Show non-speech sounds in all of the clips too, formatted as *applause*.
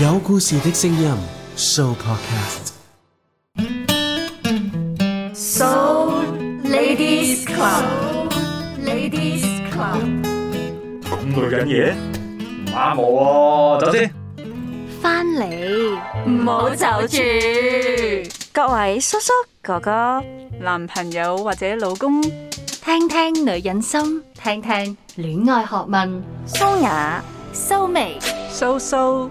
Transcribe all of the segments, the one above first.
有故事嘅聲音，So Podcast，So Ladies Club，Ladies Club，咁女人嘢唔啱我喎，走先。翻嚟唔好走住，各位叔叔哥哥、男朋友或者老公，聽聽女人心，聽聽戀愛學問，收牙、收眉、收收。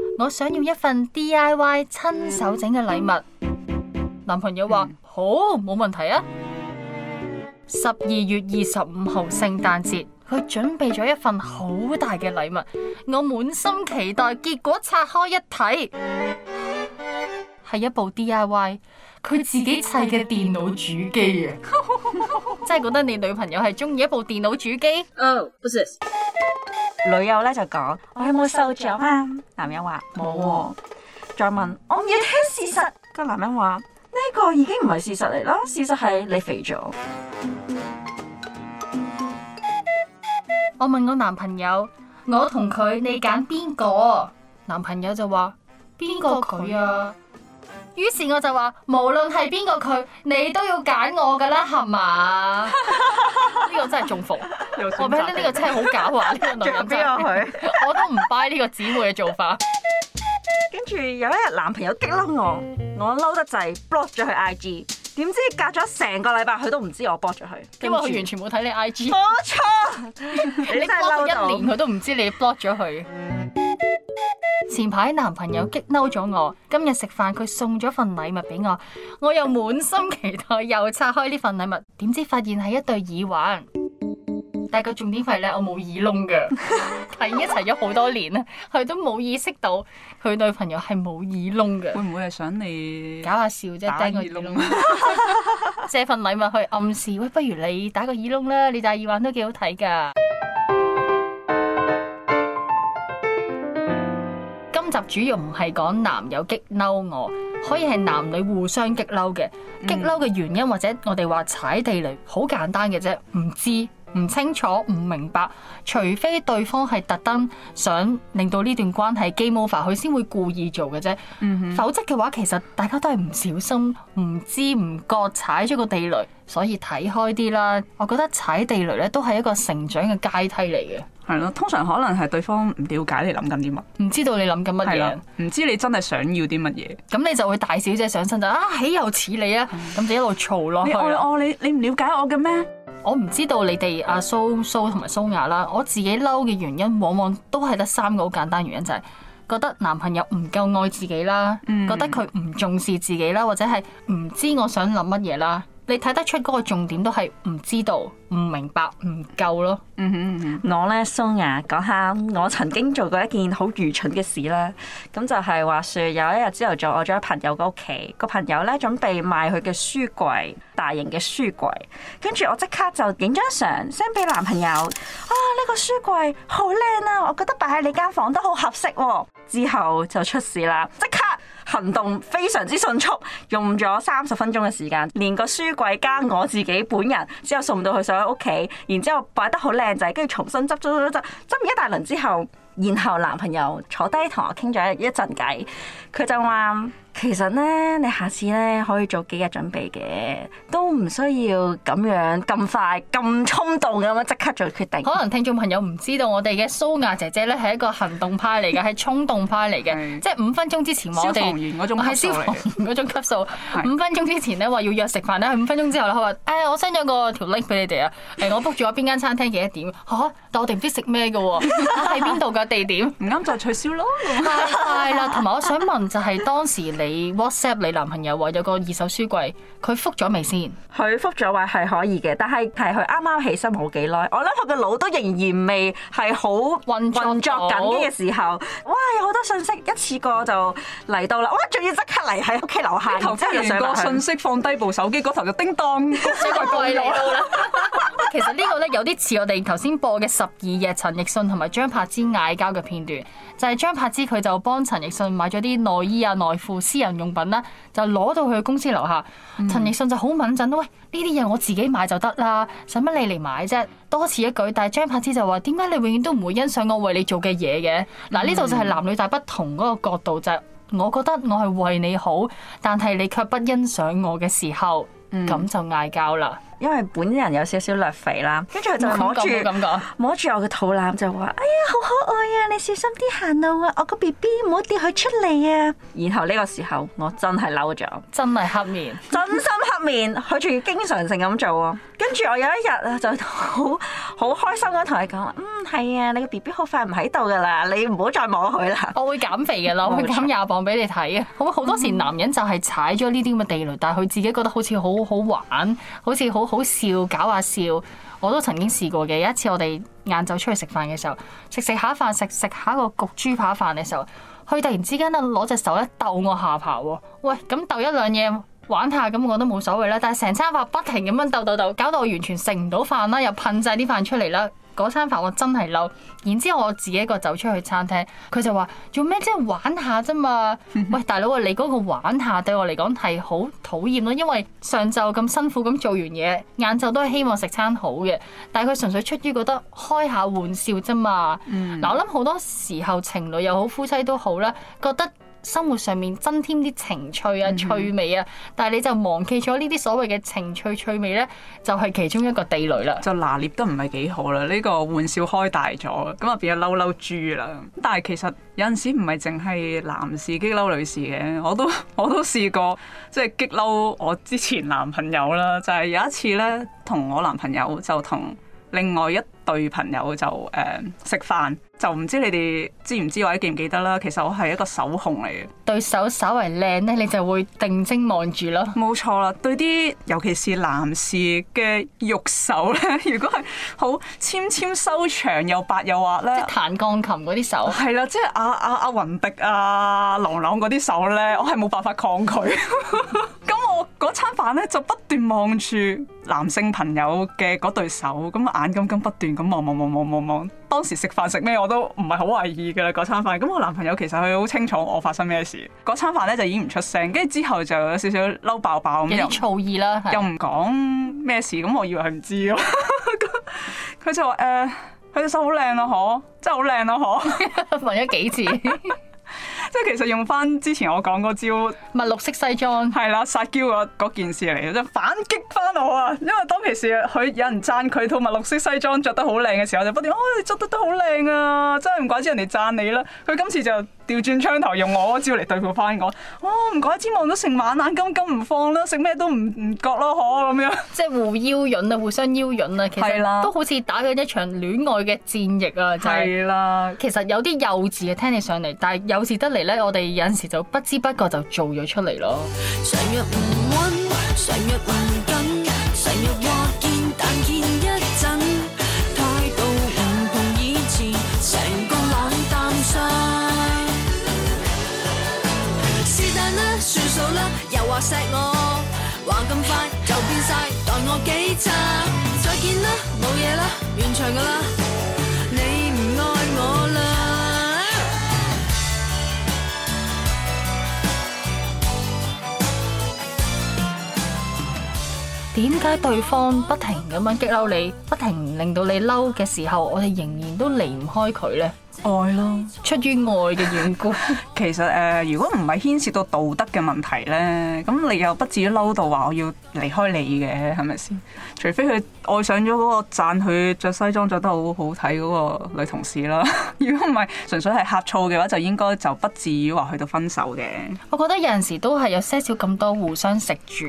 我想要一份 DIY 親手整嘅禮物，男朋友話好冇問題啊！十二月二十五號聖誕節，佢準備咗一份好大嘅禮物，我滿心期待，結果拆開一睇，係一部 DIY 佢自己砌嘅電腦主機啊！ *laughs* *laughs* 真係覺得你女朋友係中意一部電腦主機？Oh, what's this? 女友咧就講：我有冇瘦咗啊？男人話冇，有再問我唔要聽事實。個男人話呢個已經唔係事實嚟啦，事實係你肥咗。我問我男朋友，我同佢，你揀邊個？男朋友就話邊個佢啊？於是我就話，無論係邊個佢，你都要揀我噶啦，係嘛？呢 *laughs* *laughs* 個真係中伏。 *laughs* 選我覺得呢個車好狡猾，呢個男人。仲邊個佢？我都唔 buy 呢個姊妹嘅做法。跟住有一日男朋友激嬲我，我嬲得滯，block 咗佢 IG。點知隔咗成個禮拜佢都唔知我 block 咗佢，因為佢完全冇睇你 IG。冇錯錯， *laughs* 你真係嬲到 *laughs* block 咗一年，佢都唔知你 block 咗佢。 *laughs* 前排男朋友激嬲咗我，今日食飯，佢送咗份禮物俾我，我又滿心期待又拆開呢份禮物，點知發現係一對耳環。但係個重點係咧，我冇耳窿嘅，係 *laughs* 一齊咗好多年啦，佢都冇意識到佢女朋友係冇耳窿嘅，會唔會係想你搞下笑啫？打耳窿 *laughs* 借份禮物去暗示，喂，不如你打個耳窿啦，你戴耳環都幾好睇㗎。嗯、今集主要唔係講男友激嬲我，可以係男女互相激嬲嘅，激嬲嘅原因或者我哋話踩地雷，好簡單嘅啫，唔知。唔清楚唔明白，除非對方係特登想令到呢段關係 game over，佢先會故意做嘅啫。嗯哼，否則嘅話，其實大家都係唔小心、唔知唔覺踩咗個地雷，所以睇開啲啦。我覺得踩地雷咧都係一個成長嘅階梯嚟嘅。係咯，通常可能係對方唔了解你諗緊啲乜，唔知道你諗緊乜嘢，唔知你真係想要啲乜嘢，咁你就會大小姐上身就啊，豈有此理啊！咁就一路嘈落去你。你我你你唔了解我嘅咩？我唔知道你哋阿、啊、蘇蘇同埋蘇雅啦，我自己嬲嘅原因往往都係得三個好簡單原因，就係、是、覺得男朋友唔夠愛自己啦，嗯、覺得佢唔重視自己啦，或者係唔知我想諗乜嘢啦。你睇得出嗰個重點都係唔知道、唔明白、唔夠咯。嗯哼，我咧 Sonia 講下我曾經做過一件好愚蠢嘅事啦。咁就係話説有一日朝頭早我咗朋友嘅屋企，個朋友咧準備賣佢嘅書櫃，大型嘅書櫃，跟住我即刻就影張相 send 俾男朋友。啊，呢個書櫃好靚啊，我覺得擺喺你間房都好合適啊。之後就出事啦，即刻。行動非常之迅速，用咗三十分鐘嘅時間，連個書櫃加我自己本人，之後送到佢上去屋企，然之後擺得好靚仔，跟住重新執咗執執執完一大輪之後，然後男朋友坐低同我傾咗一陣偈，佢就話。其實咧，你下次咧可以做幾日準備嘅，都唔需要咁樣咁快咁衝動咁樣即刻做決定。可能聽眾朋友唔知道，我哋嘅蘇雅姐姐咧係一個行動派嚟嘅，係衝動派嚟嘅， *laughs* 是即係五分鐘之前我哋消防員嗰種級數嚟。係消防員嗰種級數。五 *laughs* 是分鐘之前咧話要約食飯咧，五分鐘之後咧佢話：誒、哎，我 send 咗個條 link 俾你哋啊。誒、哎，我 book 住咗邊間餐廳幾多點啊？但我哋唔知食咩㗎喎，喺邊度嘅地點？唔啱 *laughs* 就係、取消咯。係 *laughs* 啦， *laughs* *laughs* 同埋我想問就係當時。你 WhatsApp 你男朋友話有個二手書櫃，佢覆咗未先？佢覆咗位，係可以嘅，但係係佢啱啱起身冇幾耐，我諗佢個腦都仍然未係好運作緊嘅時候。哇！有好多信息一次過就嚟到啦，哇仲要即刻嚟喺屋企樓下，頭先完個信息放低部手機嗰頭就叮當，書櫃嚟到啦。其實呢個咧有啲似我哋頭先播嘅十二夜陳奕迅同埋張柏芝嗌交嘅片段，就係、是、張柏芝佢就幫陳奕迅買咗啲內衣啊內褲。私人用品啦，就攞到去公司樓下。陳、嗯、奕迅就好敏震咯，喂，呢啲嘢我自己買就得啦，使乜你嚟買啫？多此一舉。但係張柏芝就話：點解你永遠都唔會欣賞我為你做嘅嘢嘅？嗱、啊，呢度就係男女大不同嗰個角度，就係、是、我覺得我係為你好，但係你卻不欣賞我嘅時候，咁、嗯、就嗌交啦。因為本人有少少略肥啦，跟住佢就摸住噉講，摸住我嘅肚腩就話：哎呀，好可愛啊！你小心啲行路啊，我個 B B 唔好跌佢出嚟啊！然後呢個時候我真係嬲咗，真係黑面，真心黑面。佢仲 *laughs* 要經常性咁做啊！跟住我有一日啊，就好好開心咁同佢講話：嗯，係啊，你個 B B 好快唔喺度㗎啦，你唔好再摸佢啦。我會減肥嘅咯，我會減廿磅俾你睇啊！好，好多時男人就係踩咗呢啲咁嘅地雷，但係佢自己覺得好似好好玩，好似好。好笑，搞下笑，我都曾經試過嘅。有一次我哋晏晝出去食飯嘅時候，食食下飯，食食下個焗豬扒飯嘅時候，佢突然之間咧攞隻手咧逗我下巴喎。喂，咁逗一兩嘢玩下，咁我都冇所謂啦。但係成餐飯不停咁樣逗逗逗，搞到我完全食唔到飯啦，又噴晒啲飯出嚟啦。嗰餐飯我真係嬲，然之後我自己一個走出去餐廳，佢就話做咩即係玩下啫嘛？喂大佬啊，你嗰個玩下對我嚟講係好討厭咯，因為上晝咁辛苦咁做完嘢，晏晝都係希望食餐好嘅，但係佢純粹出於覺得開下玩笑啫嘛。嗱、嗯啊、我諗好多時候情侶又好，夫妻都好啦，覺得生活上面增添啲情趣啊、趣味啊、嗯，但係你就忘記咗呢啲所謂嘅情趣、趣味咧，就係、是、其中一個地雷啦。就拿捏得唔係幾好啦，呢、這個玩笑開大咗，咁啊變咗嬲嬲豬啦。但係其實有陣時唔係淨係男士激嬲女士嘅，我都我都試過即係激嬲我之前男朋友啦，就係、是、有一次咧，同我男朋友就同另外一。對朋友就誒食、嗯、飯，就唔知你哋知唔知或者記唔記得啦。其實我係一個手控嚟嘅，對手稍為靚咧，你就會定睛望住咯。冇錯啦，對啲尤其是男士嘅玉手咧，如果係好纖纖修長又白又滑咧，即係彈鋼琴嗰啲手係啦，即係阿阿阿雲迪啊、郎朗嗰啲手咧，我係冇辦法抗拒。 *laughs* 我嗰餐飯咧就不斷望住男性朋友嘅嗰對手，咁眼金金不斷咁望望望望望望。當時食飯食咩我都唔係好懷疑㗎喇，嗰餐飯。咁我男朋友其實佢好清楚我發生咩事。嗰餐飯咧就已經唔出聲，跟住之後就有少少嬲爆爆咁。有醋意啦，又唔講咩事，咁我以為佢唔知咯。 *laughs* 佢、呃、就話、啊：誒，佢隻手好靚咯，嗬，真係好靚咯，嗬， *laughs* 問咗了幾次。 *laughs* 即係其實用翻之前我講嗰招墨綠色西裝係啦，撒嬌嗰件事嚟嘅，即反擊翻我啊！因為當其時佢有人讚佢套墨綠色西裝着得好靚嘅時候，就不斷哦、哎、你着得都好靚啊！真係唔怪之人哋讚你啦。佢今次就調轉槍頭用我招嚟對付翻我，哦，唔怪之望到成晚眼金金唔放啦，食咩都唔唔覺咯，嗬咁樣，即係互邀引啊，互相邀引啊，其實是啦 都好似打緊一場戀愛嘅戰役啊，係、就是、是啦，其實有啲幼稚嘅聽起上嚟，但係幼稚得嚟咧，我哋有陣時就不知不覺就做咗出嚟咯。再見啦，冇嘢啦，完場噶啦。點解對方不停咁樣激嬲你，不停令到你嬲嘅時候，我哋仍然都離唔開佢呢？愛咯了，出於愛嘅緣故。 *laughs* 其實誒、呃，如果唔係牽涉到道德嘅問題呢，咁你又不至於嬲到話我要離開你嘅，係咪先？除非佢愛上咗嗰、那個讚佢着西裝着得好好睇嗰個女同事啦。 *laughs* 如果唔係純粹係呷醋嘅話，就應該就不至於話去到分手嘅。我覺得有陣時都係有些少咁多互相食住。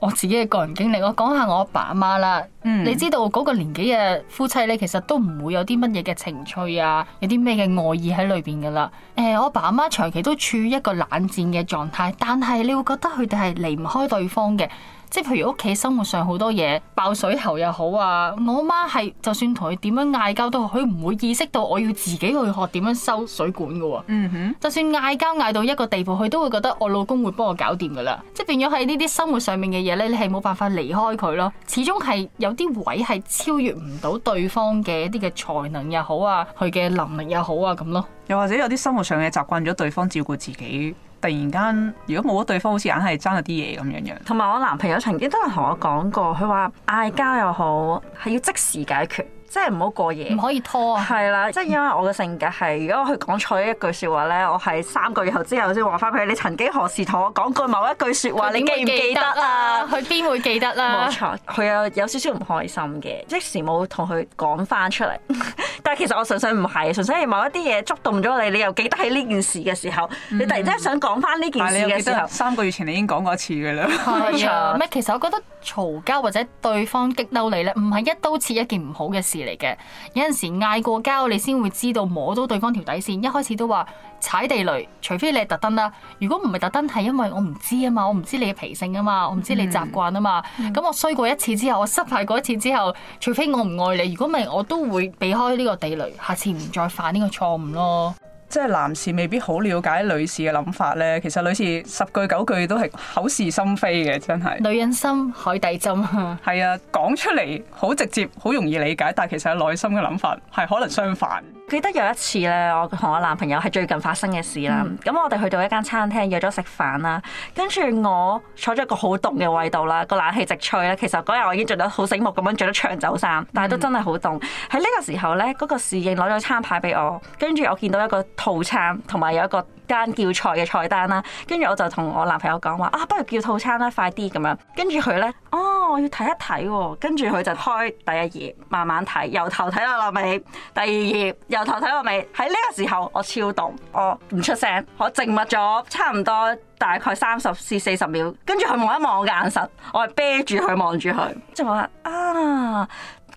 我自己嘅個人經歷，我講下我阿爸阿媽啦。嗯、你知道嗰個年紀嘅夫妻咧，其實都唔會有啲乜嘢嘅情趣啊，有啲咩嘅愛意喺裏邊噶啦。誒、欸，我阿爸阿媽長期都處於一個冷戰嘅狀態，但係你會覺得佢哋係離唔開對方嘅。即係譬如屋企生活上好多嘢，爆水喉又好啊，我媽係就算同佢點樣嗌交都好，佢唔會意識到我要自己去學點樣收水管噶喎，啊。嗯哼，就算嗌交嗌到一個地步，佢都會覺得我老公會幫我搞掂噶啦。即係變咗喺呢啲生活上面嘅嘢咧，你係冇辦法離開佢咯。始終係有啲位係超越唔到對方嘅一啲嘅才能又好啊，佢嘅能力又好啊咁咯。又或者有啲生活上嘅習慣咗對方照顧自己。突然間，如果冇咗對方，好似硬係爭咗啲嘢咁樣樣。同埋我男朋友曾經都有同我講過，佢話嗌交又好，係要即時解決。即係唔好過夜，唔可以拖啊！係啦，即係因為我嘅性格係，如果佢去講錯一句説話咧，我係三個月後之後先話翻佢。你曾經何時同我講過某一句説話？你記唔記得啊？佢邊、啊、會記得啦，啊？冇 *laughs* 錯，佢有有少少唔開心嘅，即時冇同佢講翻出嚟。 *laughs* 但係其實我純粹唔係，純粹係某一啲嘢觸動咗你，你又記得起呢件事嘅時候，嗯、你突然之間想講翻呢件事嘅時候，三個月前你已經講過一次嘅啦。係 *laughs* 啊錯，唔 *laughs* 其實我覺得。嘈交或者對方激嬲你咧，唔係一刀切一件唔好嘅事嚟嘅。有陣時嗌過交，你先會知道摸到對方條底線。一開始都話踩地雷，除非你係特登啦。如果唔係特登，係因為我唔知啊嘛，我唔知你嘅脾性啊嘛，我唔知你習慣啊嘛。咁我衰過一次之後，我失敗過一次之後，除非我唔愛你，如果唔係，我都會避開呢個地雷，下次唔再犯呢個錯誤咯。即係男士未必好了解女士嘅諗法呢，其實女士十句九句都係口是心非嘅，真係。女人心，海底針。係 *laughs* 啊，講出嚟好直接，好容易理解，但係其實內心嘅諗法係可能相反。記得有一次咧，我同我男朋友係最近發生嘅事啦。咁、嗯、我哋去到一間餐廳約咗食飯啦，跟住我坐咗一個好凍嘅位度啦，個冷氣直吹咧。其實嗰日我已經着得好醒目咁樣，着咗長袖衫，但係都真係好凍。喺呢、嗯、個時候咧，嗰個侍應攞咗餐牌俾我，跟住我見到一個套餐同埋有一個。間叫菜嘅菜單啦，跟住我就同我男朋友講話啊，不如叫套餐啦，快啲咁樣。跟住佢呢，哦，我要睇一睇，哦。跟住佢就開第一頁，慢慢睇，由頭睇到落尾。第二頁由頭睇到落尾。喺呢個時候我超凍，我唔出聲，我靜默咗差唔多大概三十至四十秒。跟住佢望一望我嘅眼神，我係啤住佢望住佢，就話啊。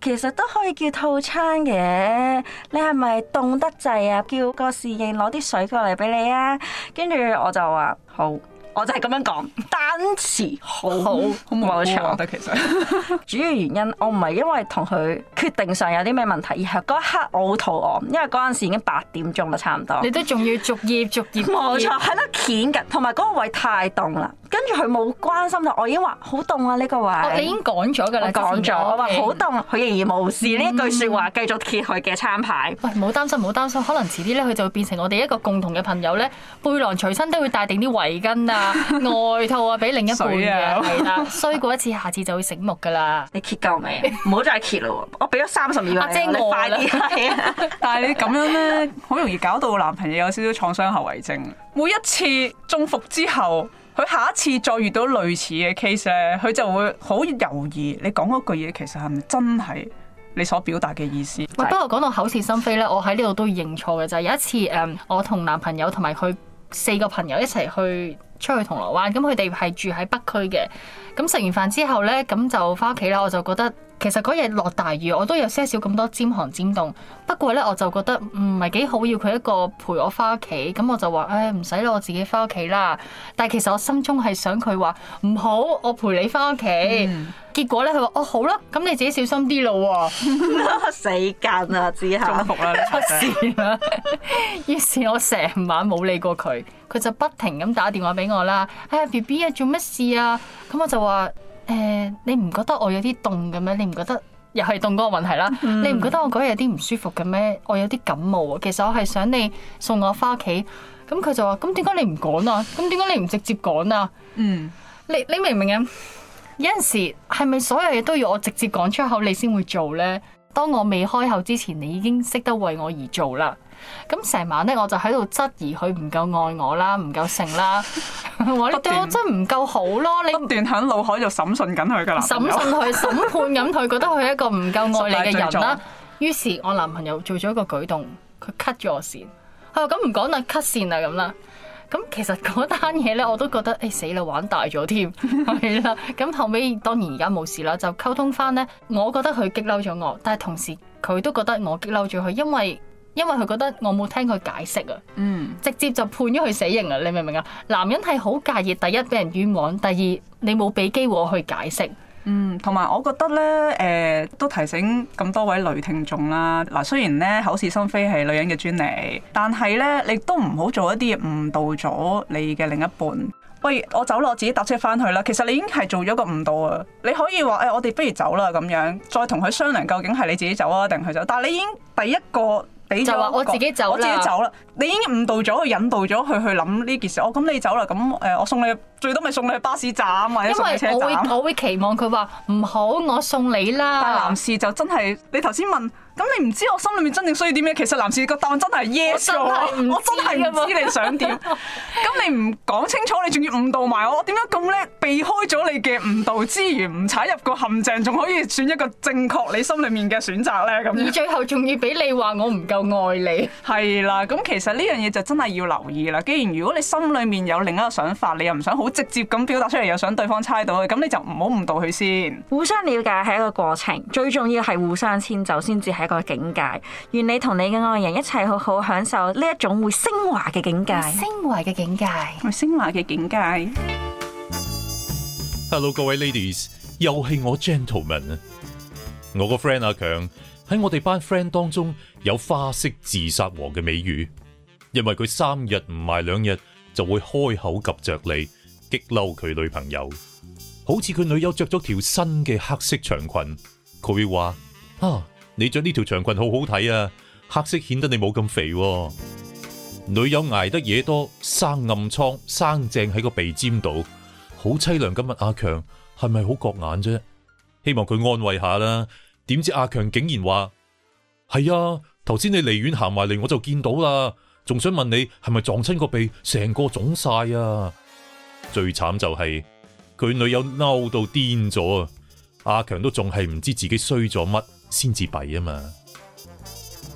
其實都可以叫套餐嘅，你係咪凍得滯啊？叫個侍應攞啲水過嚟俾你啊！跟住我就話好，我就係咁樣講。單詞好冇錯。 *laughs* 其實， *laughs* 主要原因我唔係因為同佢決定上有啲咩問題，而係嗰一刻我好肚餓，因為嗰陣時已經八點鐘啦，差唔多。你都仲要逐頁逐頁。冇錯，係啦，攪緊，同埋嗰個位太凍啦。跟住佢冇關心啦，我已經話好凍啊呢、這個位，我哋、哦、已經講咗噶啦，講咗話好凍，佢、嗯、仍然無視呢、嗯、一句説話，繼續揭佢嘅餐牌。喂、哎，冇擔心，冇擔心，可能遲啲咧，佢就會變成我哋一個共同嘅朋友咧。背囊隨身都會帶定啲圍巾啊、外套啊，俾另一半啊。衰啊，衰、 *laughs* 啊啊、過一次，下次就會醒目噶啦。你揭夠未？唔好再揭啦！我俾咗三十秒，啊、快啲揭。但係你咁樣咧，好容易搞到男朋友有少少創傷後遺症。每一次中伏之後。佢下一次再遇到類似嘅 case 咧，佢就會好猶豫。你講嗰句嘢其實係咪真係你所表達嘅意思？哇！不過講到口是心非咧，我喺呢度都認錯嘅就係有一次誒，um, 我同男朋友同埋佢四個朋友一齊去。出去銅鑼灣，咁佢哋係住喺北區嘅。咁食完飯之後呢，咁就翻屋企啦。我就覺得其實嗰日落大雨，我都有些少咁多尖寒尖凍。不過呢，我就覺得唔係幾好，要佢一個陪我翻屋企。咁我就話：誒唔使啦，我自己翻屋企啦。但係其實我心中係想佢話：唔好，我陪你翻屋企。嗯、結果呢，佢話：哦好啦，咁你自己小心啲咯。死梗啊！之後 *laughs* 出事啦了， *laughs* *laughs* 於是，我成晚冇理過佢。佢就不停咁打電話俾我啦，哎呀 B B 啊做乜事啊？咁我就話：誒、欸、你唔覺得我有啲凍嘅咩？你唔覺得又係凍嗰個問題啦？嗯、你唔覺得我嗰日有啲唔舒服嘅咩？我有啲感冒啊。其實我係想你送我翻屋企。咁佢就話：咁點解你唔講啊？咁點解你唔直接講啊？嗯，你你明唔明啊？有陣時係咪所有嘢都要我直接講出口你先會做咧？當我未開口之前，你已經識得為我而做啦。咁成晚咧，我就喺度質疑佢唔夠愛我啦，唔夠性啦，話你對我真唔夠好咯，你不斷喺腦海度審訊緊佢嘅男友，審訊佢、審判咁佢， *laughs* 覺得佢係一個唔夠愛你嘅人啦。於是我男朋友做咗一個舉動，佢 cut 咗我綫。哦，咁唔講啦，cut 綫啦咁啦。咁其實嗰單嘢咧，我都覺得誒死啦，玩大咗添，係啦。 *laughs* 咁後尾，當然而家冇事啦，就溝通翻咧。我覺得佢激嬲咗我，但係同時佢都覺得我激嬲咗佢，因為。因為佢覺得我冇聽佢解釋啊，嗯、直接就判咗佢死刑啊！你明唔明啊？男人係好介意，第一俾人冤枉，第二你冇俾機會我去解釋。嗯，同埋我覺得咧，誒、呃、都提醒咁多位女聽眾啦。嗱，雖然咧，口是心非係女人嘅專利，但係咧，你都唔好做一啲嘢誤導咗你嘅另一半。喂，我走啦，我自己搭車翻去啦。其實你已經係做咗個誤導啊！你可以話誒、哎，我哋不如走啦咁樣，再同佢商量究竟係你自己走啊，定佢走？但係你已經第一個。就話我自己走啦，我自己走啦。你已經誤導咗，去引導咗佢去諗呢件事。我、哦、咁你走啦，咁，誒，我送你最多咪送你去巴士站或者汽車站。因為我會我會期望佢話唔好，我送你啦。但男士就真係你頭先問。咁你唔知我心裏面真正需要啲咩？其實男士個答案真係 yes！e 我真係唔知，知你想點。咁 *laughs* 你唔講清楚，你仲要誤導埋我，我點樣咁叻避開咗你嘅誤導之餘，唔踩入個陷阱，仲可以選一個正確你心裏面嘅選擇呢？咁而最後仲要俾你話我唔夠愛你。係啦， *laughs* 咁其實呢樣嘢就真係要留意啦。既然如果你心裏面有另一個想法，你又唔想好直接咁表達出嚟，又想對方猜到嘅，咁你就唔好誤導佢先。互相了解係一個過程，最重要係互相遷就先至係。一個境界，願你同你嘅愛人一齊好好享受呢一種會升華嘅境界，升華嘅境界，升華嘅境界。 *music* Hello，各位 ladies，又係我 gentlemen 啊！我個 friend 阿強喺我哋班 friend 當中有花式自殺王嘅美譽，因為佢三日唔埋兩日就會開口及着你，激嬲佢女朋友，好似佢女友着咗條新嘅黑色長裙，佢會話啊。你着呢條長裙好好睇啊！黑色顯得你冇咁肥，啊。女友捱得嘢多，生暗瘡，生正喺個鼻尖度，好淒涼咁問阿強係咪好覺眼啫？希望佢安慰下啦。點知阿強竟然話係啊，頭先你離遠行埋嚟我就見到啦，仲想問你係咪撞親個鼻，成個腫晒啊？最慘就係，佢女友嬲到癲咗啊！阿強都仲係唔知自己衰咗乜。先至弊啊嘛！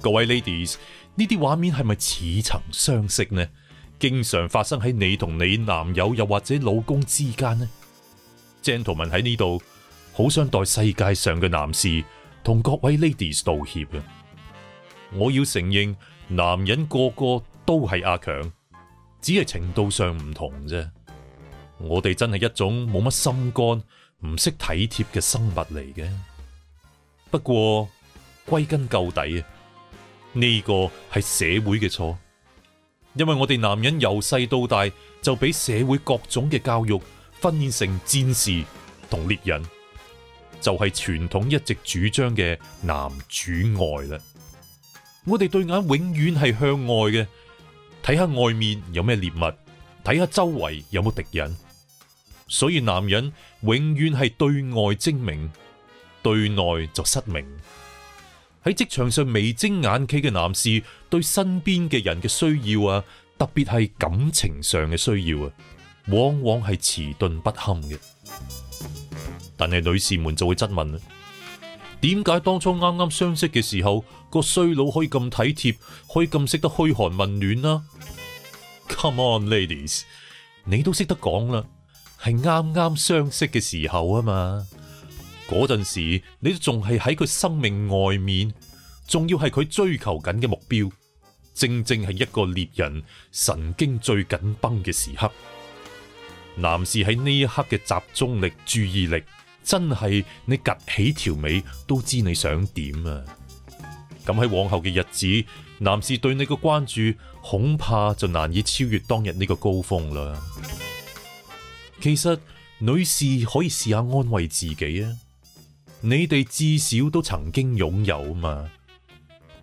各位 ladies，呢啲畫面係咪似曾相識呢？經常發生喺你同你男友又或者老公之間呢？鄭同文喺呢度好想代世界上嘅男士同各位 ladies 道歉啊！我要承認，男人個個都係阿強，只係程度上唔同啫。我哋真係一種冇乜心肝、唔識體貼嘅生物嚟嘅。不過歸根究底啊，呢個係社會嘅錯，因為我哋男人由細到大就俾社會各種嘅教育訓練成戰士同獵人，就係傳統一直主張嘅男主外啦。我哋對眼永遠係向外嘅，睇下外面有咩獵物，睇下周圍有冇敵人，所以男人永遠係對外精明。對內就失明。喺職場上眉精眼企嘅男士，對身邊嘅人嘅需要啊，特別係感情上嘅需要啊，往往係遲鈍不堪嘅。但係女士們就會質問啦：點解當初啱啱相識嘅時候，個衰佬可以咁體貼，可以咁識得噓寒問暖呢？Come on, ladies，你都識得講啦，係啱啱相識嘅時候啊嘛。嗰陣時，你仲係喺佢生命外面，仲要係佢追求緊嘅目標，正正係一個獵人神經最緊繃嘅時刻。男士喺呢一刻嘅集中力、注意力，真係你趷起條尾都知你想點啊！咁喺往後嘅日子，男士對你嘅關注恐怕就難以超越當日呢個高峰啦。其實，女士可以試下安慰自己啊。你哋至少都曾經擁有嘛？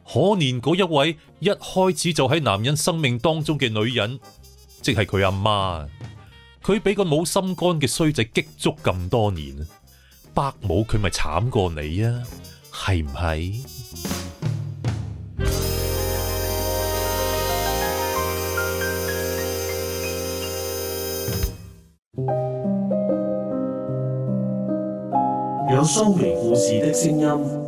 可憐嗰一位一開始就喺男人生命當中嘅女人，即係佢阿媽，佢俾個冇心肝嘅衰仔激足咁多年啊！伯母佢咪慘過你啊？係唔係？有蘇眉故事的聲音。